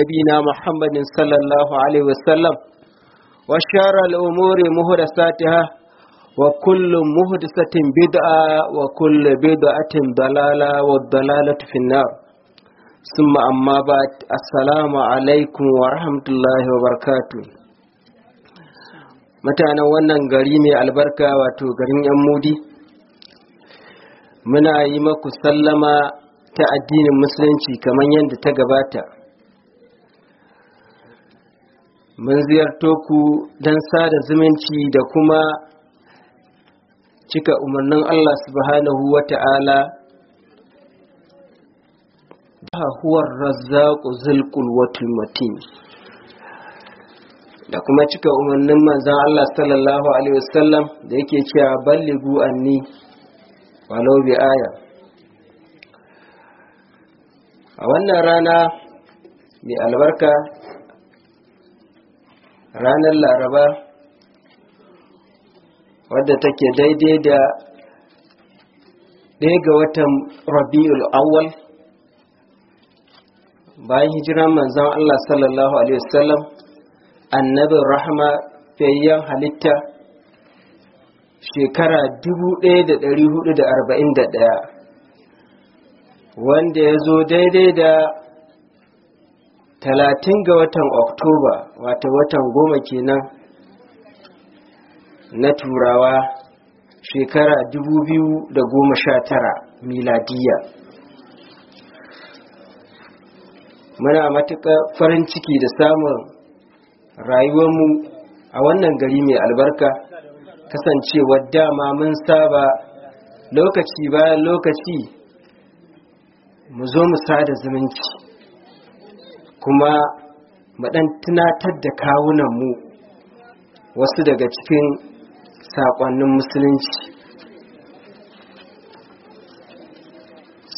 نبينا محمد صلى الله عليه وسلم وشر الأمور مهدساتها وكل مهدسة بدعة وكل بدعة ضلالة والضلالة في النار ثم أما بعد السلام عليكم ورحمة الله وبركاته mutanen wannan gari mai albarka wato garin yan mudi muna yi maku sallama ta addinin musulunci kamar yadda ta gabata mun ziyarto ku don sada zumunci da kuma cika umarnin Allah subhanahu wa ta'ala da huwar razzaku zulkul watul matin da kuma cika umarnin manzan Allah sallallahu alaihi wasallam da yake cewa ballegu anni walau bi aya a wannan rana mai albarka ranar laraba wadda take daidai da ɗaya ga watan rabi'ul awwal bayan hijiran manzon Allah sallallahu alaihi wasallam annabin rahama fayyan halitta shekara 1441 wanda ya zo daidai da talatin ga watan oktoba wata watan goma kenan na turawa shekara dubu biyu da goma sha tara miladiya muna matuƙa farin ciki da samun rayuwarmu a wannan gari mai albarka kasancewa dama mun saba lokaci bayan lokaci mu zo mu sada zumunci kuma maɗan tunatar da kawunanmu wasu daga cikin saƙonnin musulunci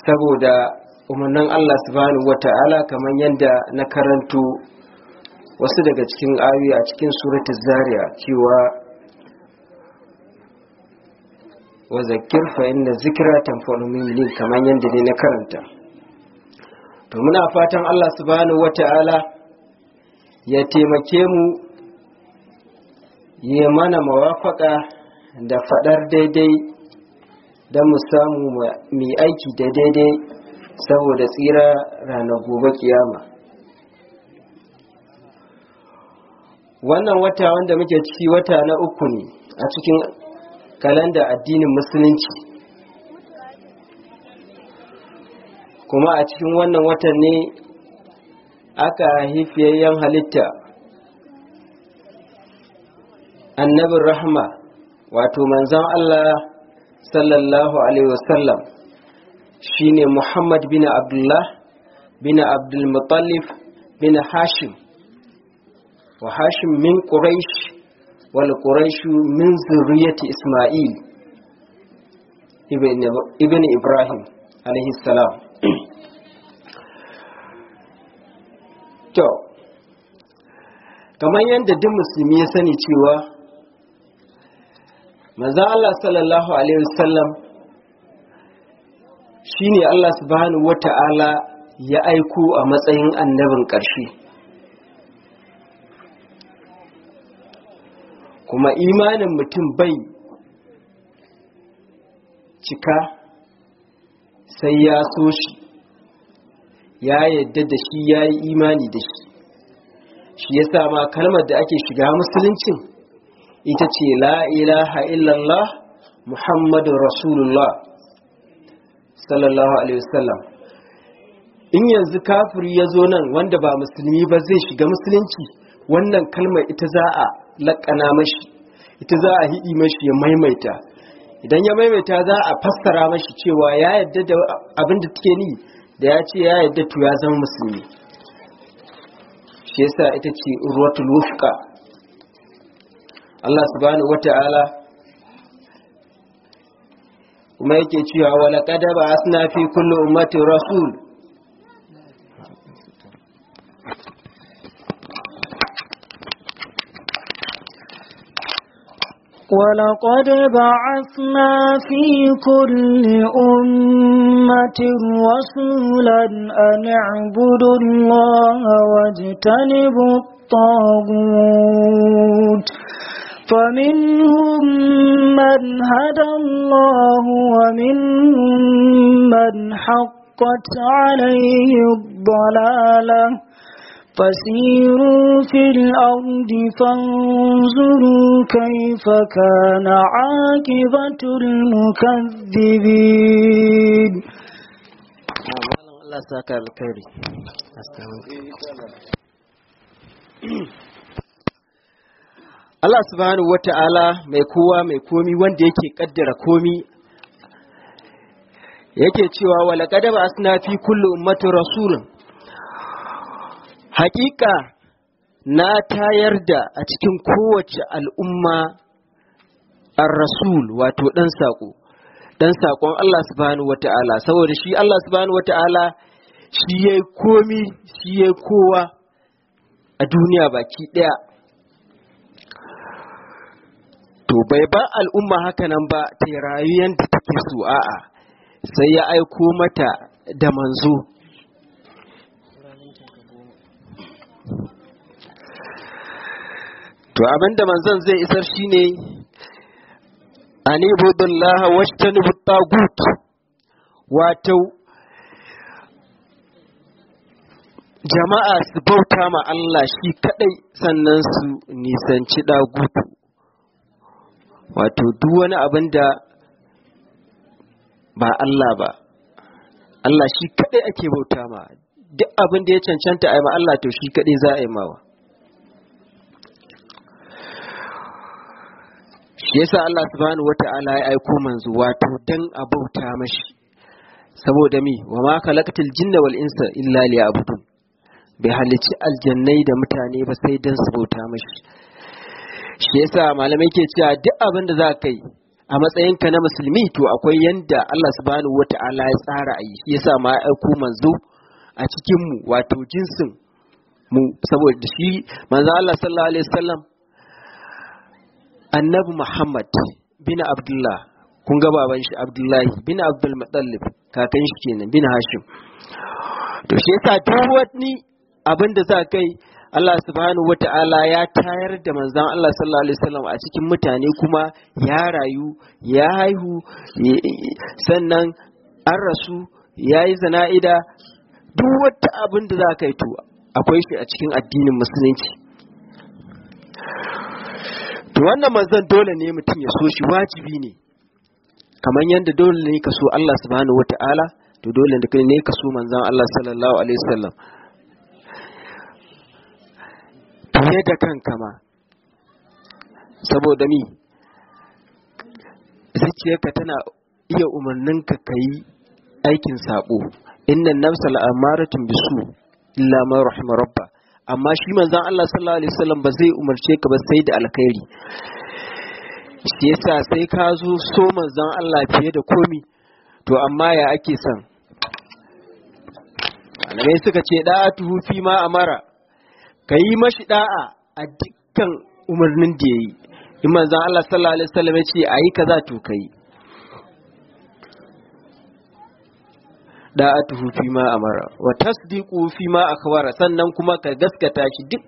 saboda umarnin Allah subhanahu wata'ala kamar yadda na karanto wasu daga cikin ayoyi a cikin suratul zariya cewa wa zakir fa inna zikra tanfa'u mu'minin kamar yadda ne na karanta to muna fatan Allah subhanahu wata'ala ya taimake mu ya mana mawafaka da fadar daidai da mu samu mai aiki da daidai saboda tsira ranar gobe kiyama wannan wata wanda muke ciki wata na uku ne a cikin kalanda addinin musulunci kuma a cikin wannan watan ne aka hifiyayyen halitta annabin rahma wato manzan Allah sallallahu alaihi wasallam ne Muhammad bin Abdullah bin Abdul bin Hashim wa Hashim min Quraysh wal Quraysh min zurriyyati Isma'il ibn Ibrahim alaihi salam to kamar yadda duk musulmi ya sani cewa maza Allah sallallahu alaihi wasallam shine Allah subhanahu wata'ala ya aiko a matsayin annabin ƙarshe kuma imanin mutum bai cika sai ya so shi ya yadda da shi ya yi imani da shi shi ya sama kalmar da ake shiga musuluncin ita ce la ilaha illallah muhammadu rasulullah sallallahu alaihi wasallam in yanzu kafiri ya zo nan wanda ba musulmi ba zai shiga musulunci wannan kalmar ita za a laƙana mashi ita za a hidi mashi ya maimaita idan ya maimaita za a fassara mashi cewa ya yadda da abin da take ni da ya ce ya yadda tu ya zama musulmi shi yasa ita ce urwatul wufqa Allah subhanahu wata'ala kuma yake cewa wala qad ba'athna fi kulli ummatin rasul ولقد بعثنا في كل أمة رسولا أن اعبدوا الله واجتنبوا الطاغوت فمنهم من هدى الله ومنهم من حقت عليه الضلاله فسيروا في الأرض فانظروا كيف كان عاقبة المكذبين Allah subhanahu wa ta'ala mai kowa mai komi wanda yake kaddara komi yake cewa walaƙadaba asna fi kullu ummatin rasulun Haƙiƙa na tayar da a cikin kowace al'umma an rasul wato ɗan saƙo, ɗan saƙon Allah subhanahu wa saboda shi Allah subhanahu wa shi ya komi shi ya kowa a duniya baki ɗaya. To, bai ba al'umma haka nan ba ta rayu yadda take so a'a, sai ya aiko mata da manzo. to abinda manzon zai isar shi ne anibudullah wajtanibu tagut wato jama'a su bauta ma Allah shi kadai sannan su nisanci dagutu wato duk wani abin da ba Allah ba Allah shi kadai ake bauta ma duk abin da ya cancanta a yi ma Allah to shi kadai za a yi mawa shi yasa Allah subhanahu wata'ala ya aiko manzo wato dan abauta mashi saboda mi wa ma khalaqatil jinna wal insa illa liya'budun bai halici aljannai da mutane ba sai dan su bauta mashi shi yasa malamai ke cewa duk abin da za ka yi a matsayinka na musulmi to akwai yanda Allah subhanahu wata'ala ya tsara a yi shi yasa ma ya aiko manzo a cikin mu wato jinsin mu saboda shi manzo Allah sallallahu alaihi wasallam annabi muhammad bin abdullah kun ga baban shi abdullahi bin abdul muttalib kakan shi kenan bin hashim to shi yasa duk wani abin da za kai Allah subhanahu Ta'ala ya tayar da manzan Allah sallallahu alaihi wasallam a cikin mutane kuma ya rayu ya haihu sannan an rasu ya yi zana'ida duk wata abin da za ka yi to akwai shi a cikin addinin musulunci to wannan manzon dole ne mutum ya so shi wajibi ne kamar yadda dole ne ka so Allah subhanahu wata'ala to dole ne ka so manzon Allah sallallahu alaihi wasallam fiye da kanka ma saboda mi zuciyarka tana iya umarninka ka yi aikin sabo innan nafsa la'amaratun bisu illa ma rahma rabba amma shi manzon Allah sallallahu alaihi wasallam ba zai umarce ka ba sai da alkhairi shi yasa sai ka zo so manzon Allah fiye da komi to amma ya ake son malamai suka ce da'a tuhu fi ma amara ka yi mashi da'a a dukkan umarnin da ya yi in manzon Allah sallallahu alaihi wasallam ya ce ayi kaza to kai da'atuhu fi ma amara wa tasdiqu fi ma akhbara sannan kuma ka gaskata shi duk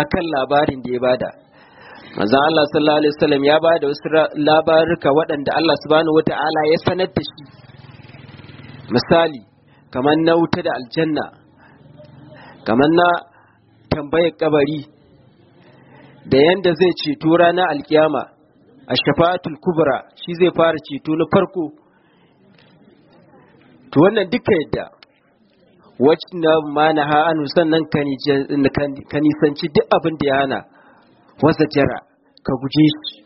akan labarin da ya bada manzo Allah sallallahu alaihi wasallam ya bada wasu labaruka waɗanda Allah subhanahu wata'ala ya sanar da shi misali kamar na wuta da aljanna kamar na tambayar kabari da yanda zai ceto ranar alkiyama a shafa'atul kubra shi zai fara ceto na farko to wannan duka yadda wacin na mana ha'anu sannan ka duk abin da ya hana wasa jara ka guji shi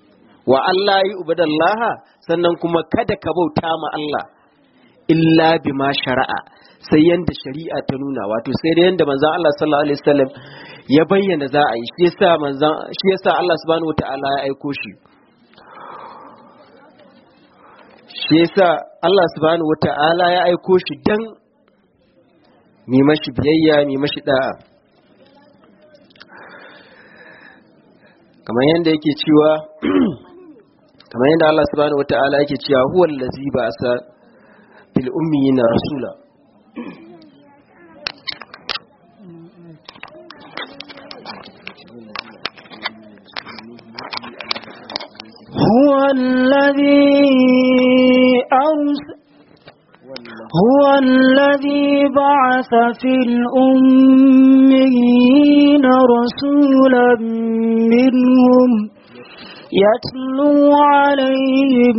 wa Allah yi laha sannan kuma kada ka bauta ma Allah illa ma shari'a sai yanda shari'a ta nuna wato sai da yanda manzan Allah sallallahu alaihi wasallam ya bayyana za a yi shi yasa shi yasa Allah subhanahu wataala ya aiko shi shi yasa Allah subhanahu wata'ala ya aiko shi dan mi mashi biyayya mi mashi da'a kamar yadda yake cewa kamar yadda Allah subhanahu wata'ala yake cewa huwa allazi ba'asa fil ummiyina rasula هو الذي أرسل هو الذي بعث في الأمين رسولا منهم يتلو عليهم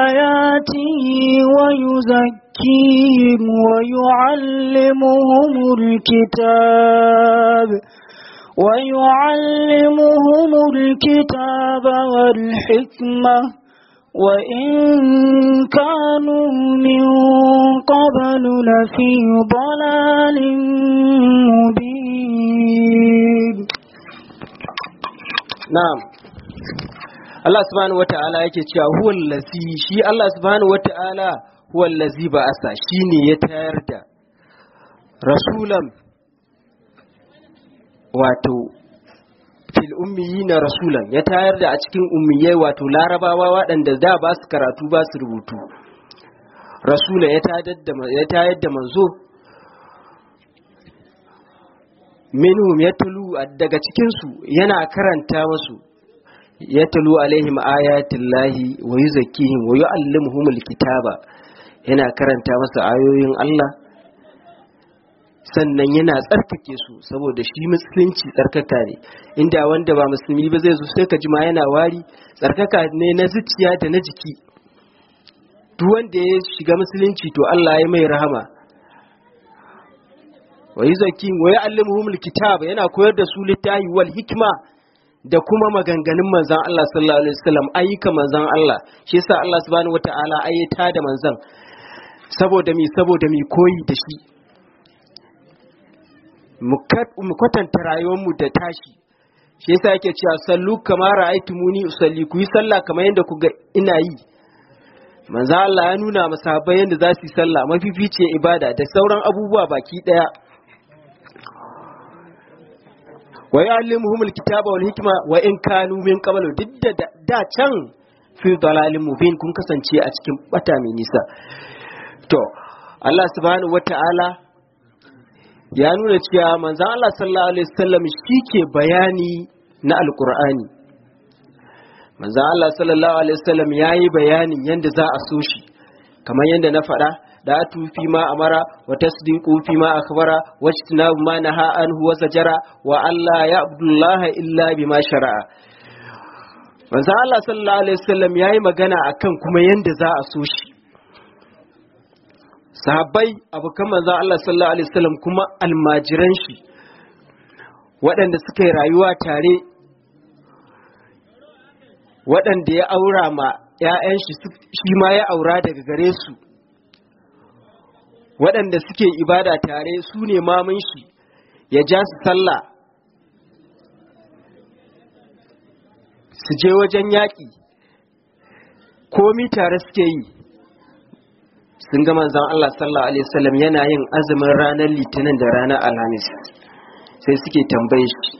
آياته ويزكيهم ويعلمهم الكتاب ويعلمهم الكتاب والحكمة وإن كانوا من قبل لفي ضلال مبين نعم الله سبحانه وتعالى هو الذي شي الله سبحانه وتعالى هو الذي بأسا شيني يتهرد رسولا wato fil ummiyina rasulan ya tayar da a cikin ummiyai wato larabawa waɗanda da ba su karatu ba su rubutu rasula ya tayar da manzo minhum ya tulu daga cikinsu yana karanta masu ya tulu alaihim ayatillahi wa yuzakkihim wa yu'allimuhumul kitaba yana karanta masu ayoyin Allah sannan yana tsarkake su saboda shi musulunci tsarkaka ne inda wanda ba musulmi ba zai zo sai ka jima yana wari tsarkaka ne na zuciya da na jiki duk wanda ya shiga musulunci to Allah ya mai rahama wa yuzakin wa ya'allimuhum alkitab yana koyar da su littahi wal hikma da kuma maganganun manzan Allah sallallahu alaihi wasallam ayyuka manzan Allah shi yasa Allah subhanahu wataala ayyata da manzan saboda mi saboda mi koyi da shi mu kwatanta rayuwarmu da tashi shi yasa yake cewa sallu kamar kama muni usalli ku yi sallah kamar yadda ku ga ina yi manzo Allah ya nuna masahabai yadda za su yi sallah mafificiyar ibada da sauran abubuwa baki daya wa ya'allimuhum alkitaba wal hikma wa in kanu min qablu didda da can fi dalalin mubin kun kasance a cikin bata mai nisa to Allah subhanahu wata'ala ya nuna cewa manzan Allah sallallahu alaihi wasallam ke bayani na alkur'ani manzan Allah sallallahu alaihi wasallam yayi bayanin yanda za a so shi kamar yanda na faɗa da fi ma amara wa tasdiqu fi ma akhbara wa ijtinabu ma naha anhu wa zajara wa alla Abdullah illa bima shara'a manzan Allah sallallahu alaihi wasallam yayi magana akan kuma yanda za a so shi sahabbai abokan manzon Allah sallallahu alaihi wasallam kuma almajiran shi waɗanda suka rayuwa tare waɗanda ya aura ma ‘ya'yan shi ma ya aura daga gare su waɗanda suke ibada tare su ne mamun shi ya ja su sallah su je wajen yaƙi komi tare suke yi sun ga zan Allah sallallahu alaihi wasallam yana yin azumin ranar litinin da ranar alhamis sai suke tambaye shi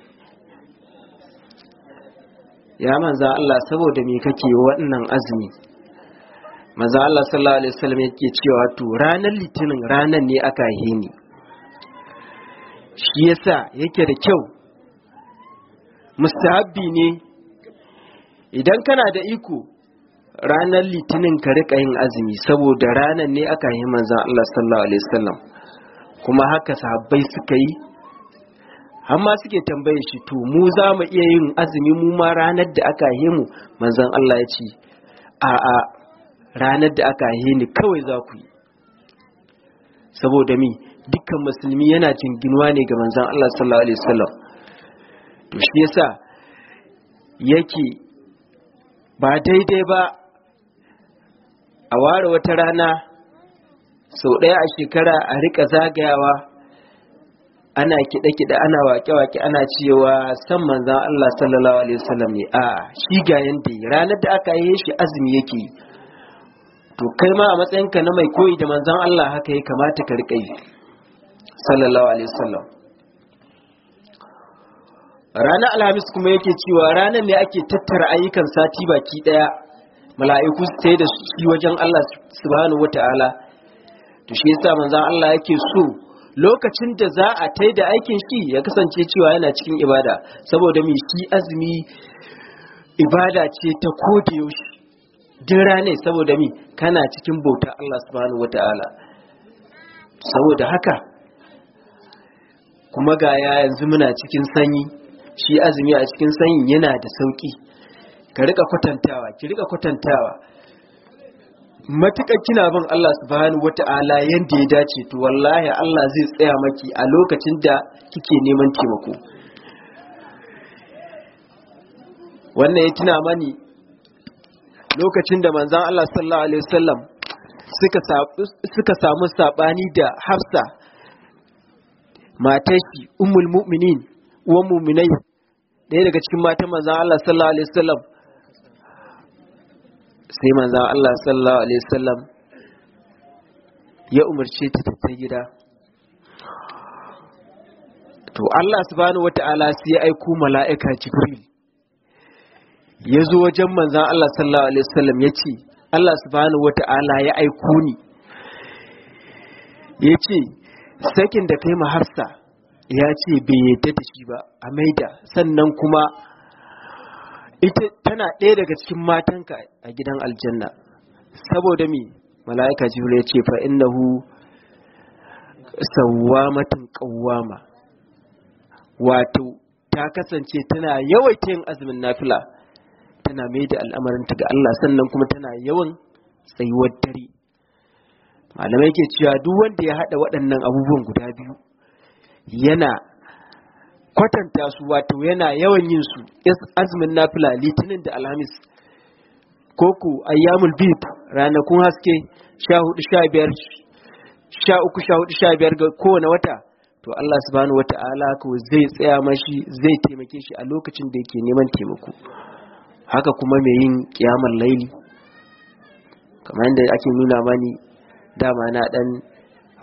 ya Manza Allah saboda me kake wannan azumi Manzan Allah sallallahu alaihi wasallam yake cewa to ranar litinin ranar ne aka yi ni shi yasa yake da kyau mustahabbi ne idan kana da iko ranar litinin ka rika yin azumi saboda ranar ne aka yi manzan Allah sallallahu alaihi wasallam kuma haka sahabbai suka yi amma suke tambaye shi to mu za mu iya yin azumi mu ma ranar da aka yi mu manzan Allah ya ce a a ranar da aka yi ni kawai za ku yi saboda mi dukkan musulmi yana jinginuwa ne ga manzan Allah sallallahu alaihi wasallam to shi yasa yake ba daidai ba a ware wata rana sau ɗaya a shekara a rika zagayawa ana kiɗe-kiɗe ana wake-wake ana cewa san manzan Allah sallallahu alaihi wasallam ne a shi ga yanda ranar da aka yi shi azumi yake to kai ma a matsayinka na mai koyi da manzan Allah haka ya kamata ka rika yi sallallahu alaihi wasallam ranar alhamis kuma yake cewa ranar ne ake tattara ayyukan sati baki ɗaya mala'iku sai da shi wajen Allah subhanahu wata'ala to shi yasa manzan Allah yake so lokacin da za a tai da aikin shi ya kasance cewa yana cikin ibada saboda mai shi azumi ibada ce ta koda yaushe din rane saboda mi kana cikin bauta Allah subhanahu wata'ala saboda haka kuma ga ya yanzu muna cikin sanyi shi azumi a cikin sanyi yana da sauki ka rika kwatantawa ki rika kwatantawa matuƙar kina bin Allah subhanahu wata'ala yanda ya dace to wallahi Allah zai tsaya maki a lokacin da kike neman taimako wannan ya tuna mani lokacin da manzon Allah sallallahu alaihi wasallam suka samu sabani da Hafsa matar shi ummul mu'minin uwan mu'minai ɗaya daga cikin matan manzon Allah sallallahu alaihi wasallam sai manzan Allah sallallahu alaihi wasallam ya umarce ta ta gida to Allah subhanahu wata'ala sai ya aiko mala'ika Jibril ya zo wajen manzan Allah sallallahu alaihi wasallam ya ce Allah subhanahu wata'ala ya aiko ni ya ce sakin da kai mahafsa ya ce bai yadda da shi ba a maida sannan kuma ita tana ɗaya daga cikin matanka a gidan aljanna saboda mi mala'ika jibril ya ce fa innahu Matan qawwama wato ta kasance tana yawaita yin azumin nafila tana mai da al'amarinta ga Allah sannan kuma tana yawan tsayuwar dare malamai ke cewa duk wanda ya haɗa waɗannan abubuwan guda biyu yana kwatanta su wato yana yawan yin su azumin nafila litinin da alhamis koko ayyamul bid ranakun haske sha hudu sha biyar sha uku sha hudu sha biyar ga kowane wata to Allah subhanahu wata'ala ko zai tsaya mashi zai taimake shi a lokacin da yake neman taimako haka kuma mai yin kiyamar laili kamar yadda ake nuna mani dama na dan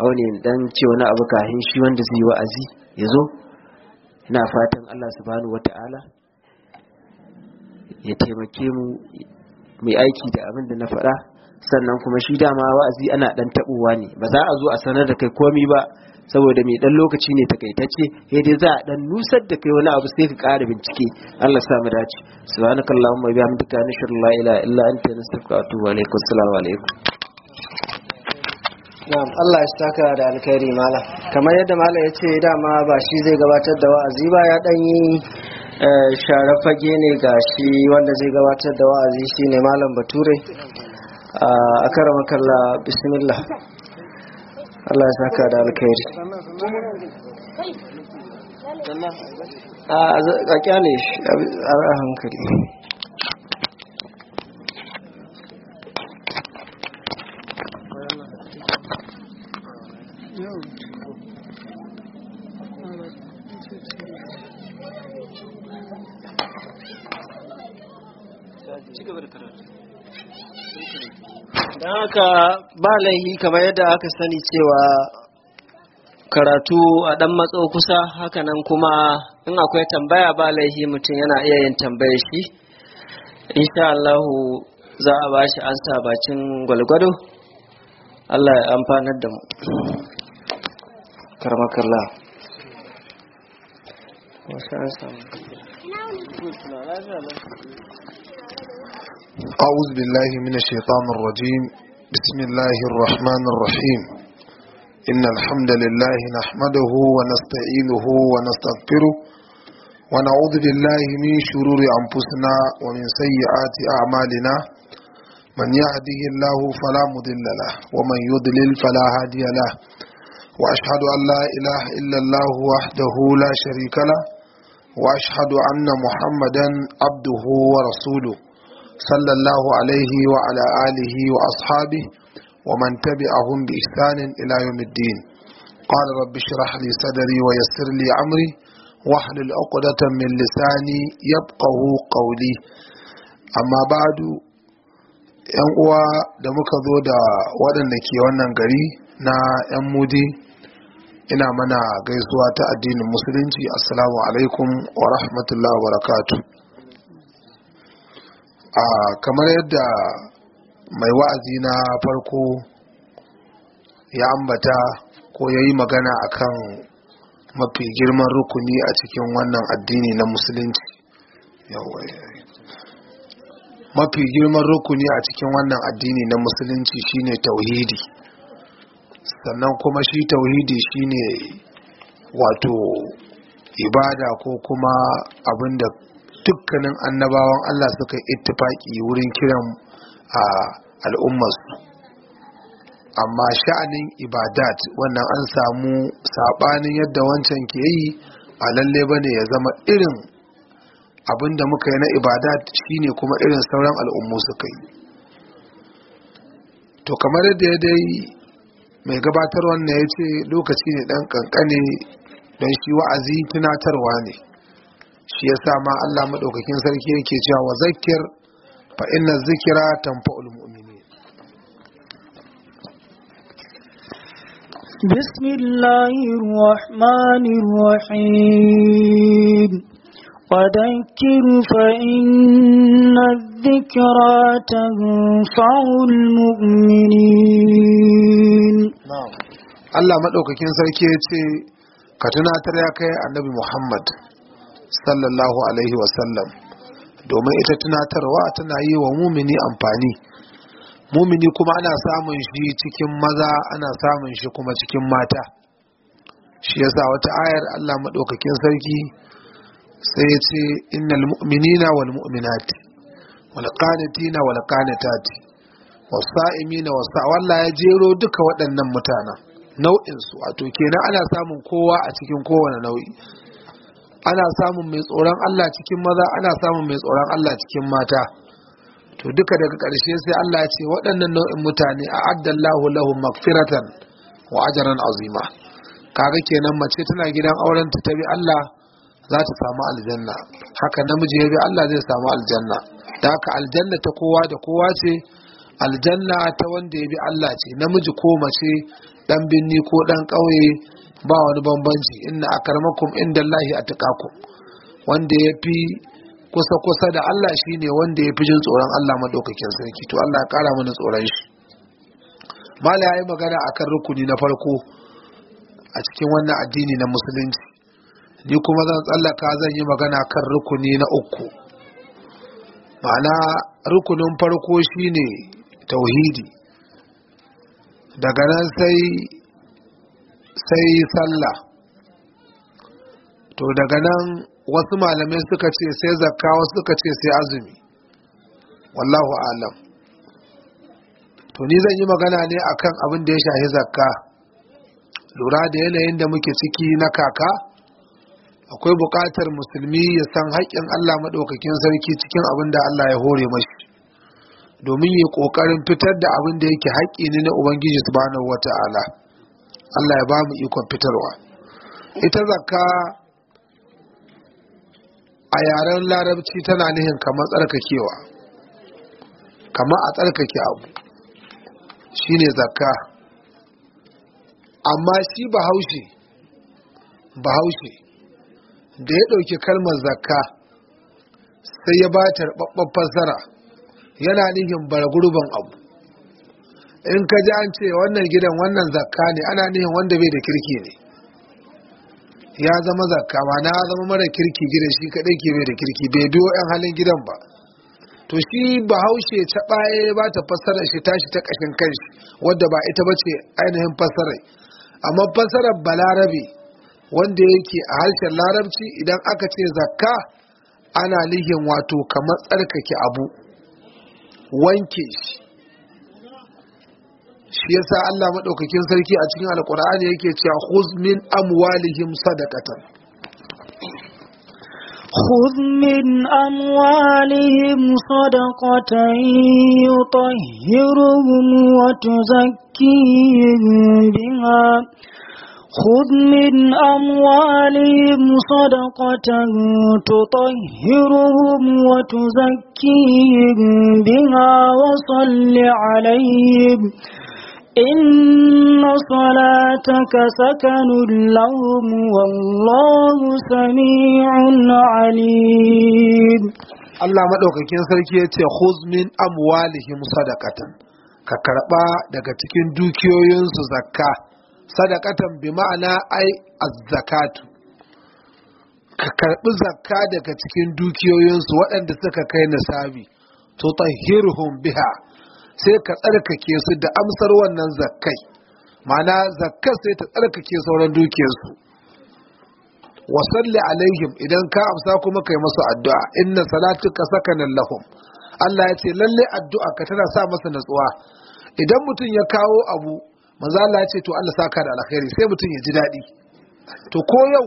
ne dan ce wani abu kahin shi wanda zai yi wa'azi ya zo ina fatan Allah subhanahu wata'ala ya taimake mu mai aiki da abin da na faɗa sannan kuma shi dama wa'azi ana dan taɓowa ne ba za a zo a sanar da kai komi ba saboda mai dan lokaci ne takaitacce sai dai za a dan nusar da kai wani abu sai ka ƙara bincike Allah sa mu dace subhanakallahumma wa bihamdika nashhadu la ilaha illa anta nastaghfiruka wa atubu ilaik assalamu alaikum Na'am Allah ya saka da alkhairi mala. kamar yadda malam ya ce dama ba shi zai gabatar da wa'azi ba ya dan yi eh, share ne ga shi wanda zai gabatar da wa'azi ne malam Bature a makalla bismillah Allah ya saka da alkhairi a a hankali da haka ba laihi kamar yadda aka sani cewa karatu a ɗan matso kusa hakanan kuma in akwai tambaya ba laihi mutum yana iya yin tambayar shi insha Allahu za a ba shi ansa bakin gwalgwado Allah ya amfanar da mu karmakalla أعوذ بالله من الشيطان الرجيم بسم الله الرحمن الرحيم إن الحمد لله نحمده ونستعينه ونستغفره ونعوذ بالله من شرور أنفسنا ومن سيئات أعمالنا من يهده الله فلا مضل له ومن يضلل فلا هادي له وأشهد أن لا إله إلا الله وحده لا شريك له وأشهد أن محمدا عبده ورسوله صلى الله عليه وعلى آله وأصحابه ومن تبعهم بإحسان إلى يوم الدين قال رب اشرح لي صدري ويسر لي أمري واحلل عقدة من لساني يبقه قولي أما بعد ‘yan uwa da muka zo da waɗanda ke wannan gari na 'yan mudi ina mana gaisuwa ta addinin musulunci assalamu alaikum wa rahmatullahi wa barakatu a kamar yadda mai wa'azi na farko ya ambata ko ya yi magana akan mafi girman rukuni a cikin wannan addini na musulunci eh, eh. mafi girman rukuni a cikin wannan addini na musulunci shine tauhidi sannan kuma shi tauhidi shine wato ibada ko kuma abinda dukkanin annabawan Allah suka yi ittifaki wurin kiran a al'ummarsu amma sha'anin ibadat wannan an samu sabanin yadda wancan ke yi a lalle bane ya zama irin abinda muka yi na ibadat shine kuma irin sauran al'ummu suka yi to kamar yadda dai mai gabatar wannan ya ce lokaci ne dan kankane don shi wa'azi tunatarwa ne shi ya sa ma Allah maɗaukakin sarki yake cewa wa zakir fa inna zikira tanfa'ul mu'minin bismillahir rahmanir rahim وذكر فإن الذكرى تنفع المؤمنين Allah maɗaukakin sarki ya ce ka tunatar ya kai annabi Muhammad sallallahu alaihi wasallam domin ita tunatarwa tana yi wa mumini amfani mumini kuma ana samun shi cikin maza ana samun shi kuma cikin mata shi yasa wata ayar Allah maɗaukakin sarki sai ya ce innal mu'minina wal mu'minati wal qanitina wal qanitati was sa'imina was sa'walla ya jero duka waɗannan mutanen nau'in su wato kenan ana samun kowa a cikin kowane nau'i ana samun mai tsoron Allah cikin maza ana samun mai tsoron Allah cikin mata to duka daga ƙarshe sai Allah ya ce waɗannan nau'in mutane a addallahu lahum magfiratan wa ajran azima kaga kenan mace tana gidan auren ta bi Allah za ta samu aljanna haka namiji ya bi Allah zai samu aljanna da haka aljanna ta kowa da kowa ce aljanna ta wanda ya bi Allah ce namiji ko mace dan binni ko dan ƙauye ba wani bambanci inna akarmakum inda Allahi a wanda ya fi kusa kusa da Allah shi ne wanda ya fi jin tsoron Allah madaukakin sarki to Allah ya kara mana tsoron shi mala ya yi magana akan rukuni na farko a cikin wannan addini na musulunci ni kuma zan tsallaka zan yi magana kan rukuni na uku ma'ana rukunin farko shine tauhidi daga nan sai sai sallah to daga nan wasu malamai suka ce sai zakka wasu suka ce sai azumi wallahu alam to ni zan yi magana ne akan abin da ya shahi zakka lura da yanayin da muke ciki na kaka akwai buƙatar musulmi ya san haƙƙin Allah maɗaukakin sarki cikin abin da Allah ya hore mashi domin ya ƙoƙarin fitar da abin da yake haƙƙi ne na Ubangiji subhanahu wata'ala Allah ya ba mu ikon fitarwa ita zakka a yaren larabci tana nihin kamar tsarkakewa kamar a tsarkake abu shine zakka amma shi bahaushe bahaushe da ya ɗauki kalmar zakka sai ya ba ta rababbar fassara yana nufin gurbin abu in ka ji an ce wannan gidan wannan zakka ne ana nihin wanda bai da kirki ne ya zama zakka ma na zama mara kirki gidan shi kaɗai ke bai da kirki bai biyo 'yan halin gidan ba to shi bahaushe ta baya ba ta fassara shi tashi ta ƙashin kanshi wadda ba ita ba ce ainihin fassarai amma fassarar balarabe wanda yake a harshen larabci idan aka ce zakka ana nihin wato kamar tsarkake abu wanke shi shi yasa Allah maɗaukakin sarki a cikin alkur'ani yake cewa khuz min amwalihim sadaqatan خذ من أموالهم صدقة يطهرهم وتزكيهم بها خذ من أموالهم صدقة تطهرهم وتزكيهم بها وصل عليهم إن صلاتك سكن لهم والله سميع عليم Allah maɗaukakin sarki yace ce, min amwalihim sadakatan, ka karɓa daga cikin dukiyoyinsu zakka. sadakatan bi ma'ana ai azzakatu ka karbi zakka daga cikin dukiyoyinsu waɗanda suka kai nisabi to tahirhum biha sai ka tsarkake su da amsar wannan zakkai ma'ana zakkar sai ta tsarkake sauran dukiyarsu wa salli alaihim idan ka amsa kuma kai masu addu'a inna salatuka sakanan lahum Allah ya ce lalle addu'a ka tana sa masa natsuwa idan mutum ya kawo abu manzo Allah ya ce to Allah saka da alkhairi sai mutum ya ji daɗi to ko yau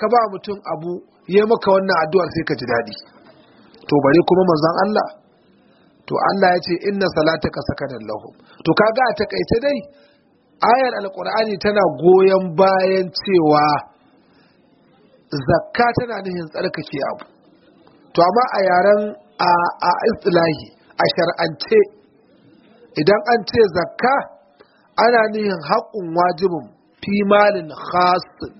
ka ba mutum abu yayi maka wannan addu'ar sai ka ji daɗi to bare kuma manzo Allah to Allah ya ce inna salataka sakanan lahum to kaga a takaice dai ayar alkur'ani tana goyon bayan cewa zakka tana nufin tsarkake abu to amma a yaren a istilahi a shar'ance idan an ce zakka ana nihin haƙƙun wajibin fi malin khasin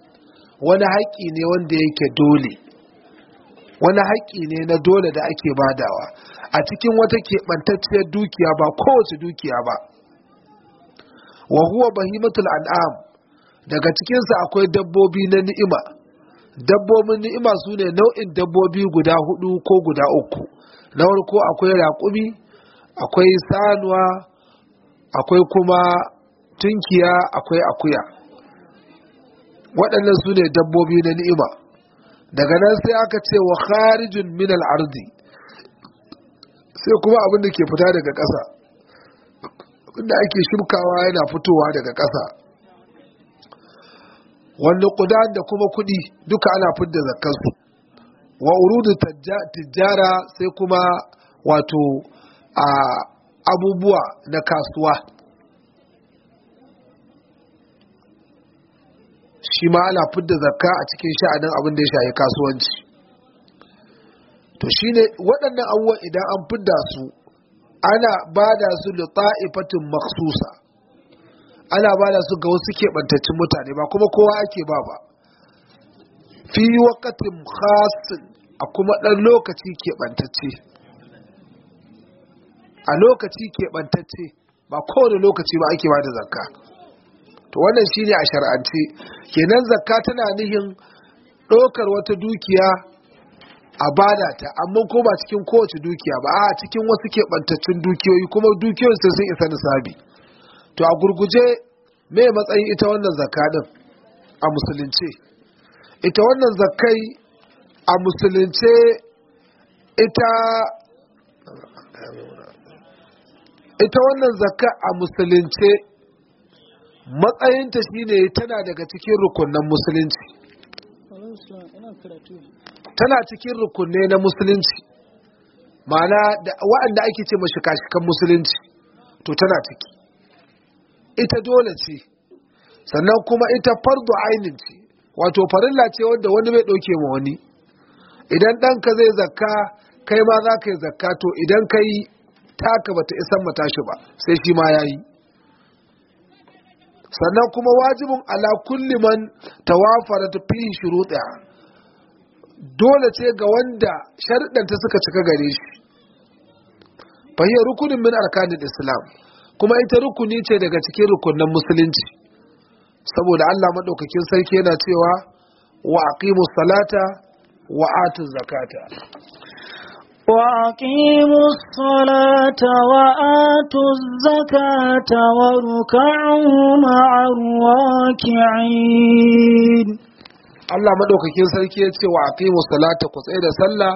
wani haƙƙi ne wanda yake dole wani haƙƙi ne na dole da ake badawa a cikin wata keɓantacciyar dukiya ba kowace dukiya ba wa huwa bahimatul an'am daga cikinsa akwai dabbobi na ni'ima dabbobin ni'ima su ne nau'in dabbobi guda hudu ko guda uku na farko akwai raƙumi akwai sanuwa akwai kuma tunkiya akwai akuya waɗannan su ne dabbobi na ni'ima daga nan sai aka ce wa kharijun min al'ardi sai kuma abin da ke fita daga ƙasa inda ake shirkawa yana fitowa daga ƙasa wanda ƙudan da kuma kuɗi duka ana fidda zakkansu wa urudu tijjara sai kuma wato a abubuwa na kasuwa shi ma ana fidda zakka a cikin sha'anin abin da ya shafi kasuwanci to shine waɗannan abubuwan idan an fidda su ana ba da su da ta'ifatin maksusa ana ba da su ga wasu keɓantaccen mutane ba kuma kowa ake ba ba fi wakatin khasin a kuma ɗan lokaci keɓantacce a lokaci keɓantacce ba kowane lokaci ba ake ba da zakka to wannan shine a shar'ance kenan zakka tana nihin ɗaukar wata dukiya a bada ta amma ko ba cikin kowace dukiya ba a cikin wasu keɓantaccen dukiyoyi kuma dukiyoyin sai sun isa nisabi to a gurguje me matsayin ita wannan zakka din a musulunce ita wannan zakkai a musulunce ita ita wannan zakka a musulunce matsayinta shine tana daga cikin rukunan musulunci tana cikin rukunne na musulunci ma'ana waɗanda ake ce kashikan musulunci to tana ciki ita dole ce sannan kuma ita fardu ainihin ce wato farilla ce wanda wani bai ɗauke ma wani idan ɗanka zai zakka kai ma za ka yi zakka to idan ka yi taka bata isan matashi ba sai shi ma ya yi sannan kuma wajibin ala kulli man tawafarat fi shurutiha dole ce ga wanda sharuɗanta suka cika gare shi fa rukunin min arkanin islam kuma ita rukuni ce daga cikin rukunin musulunci saboda Allah maɗaukakin sarki yana cewa wa aqimus salata wa atuz zakata وأقيموا الصلاة وآتوا الزكاة واركعوا مع الراكعين Allah madaukakin sarki ya ce wa aqimu salata ku da sallah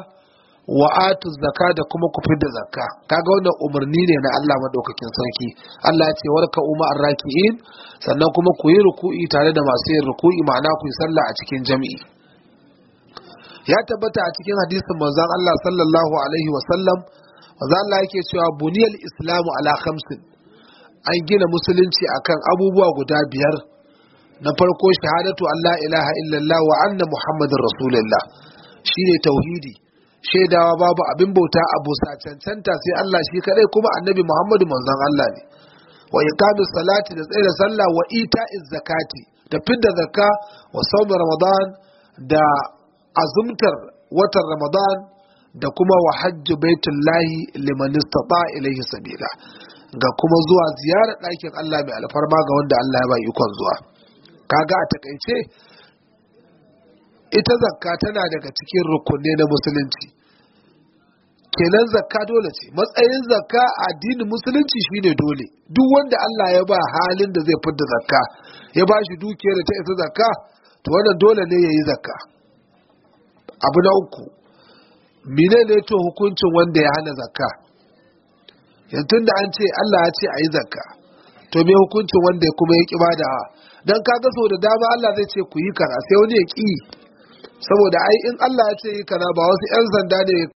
wa atu zakka da kuma ku da zakka kaga wannan umarni ne na Allah madaukakin sarki Allah ya ce warka umma arraki'in sannan kuma ku yi ruku'i tare da masu yin ruku'i ma'ana ku yi sallah a cikin jami'i ya tabbata a cikin hadisin manzon Allah sallallahu alaihi wa sallam Allah yake cewa buniyal islamu ala khamsin an gina musulunci akan abubuwa guda biyar na farko shahadatu Allah ilaha illallah wa anna muhammadin rasulullah shine tauhidi shaidawa babu abin bauta abu cancanta sai Allah shi kadai kuma annabi muhammadu manzon Allah ne wa iqamis salati da tsaye da sallah wa ita'iz zakati da fidda zakka wa sawm ramadan da azumtar watan ramadan da kuma wa hajji baitullahi liman istata ilaihi sabila ga kuma zuwa ziyarar ɗakin Allah mai alfarma ga wanda Allah ya ba ikon zuwa kaga a takaice ita zakka tana daga cikin rukunne na musulunci kenan zakka dole ce matsayin zakka a addinin musulunci shine dole duk wanda Allah ya ba halin da zai fidda zakka ya ba shi dukiyar da ta isa zakka to wannan dole ne ya yi zakka abu na uku mine ne to hukuncin wanda ya hana zakka yantun da an ce Allah ya ce a zakka to me hukuncin wanda kuma ya ƙi badawa don kaga so da dama Allah zai ce ku yi kaza sai wani ya ƙi saboda ai in Allah ya ce yi kaza ba wasu 'yan sanda ne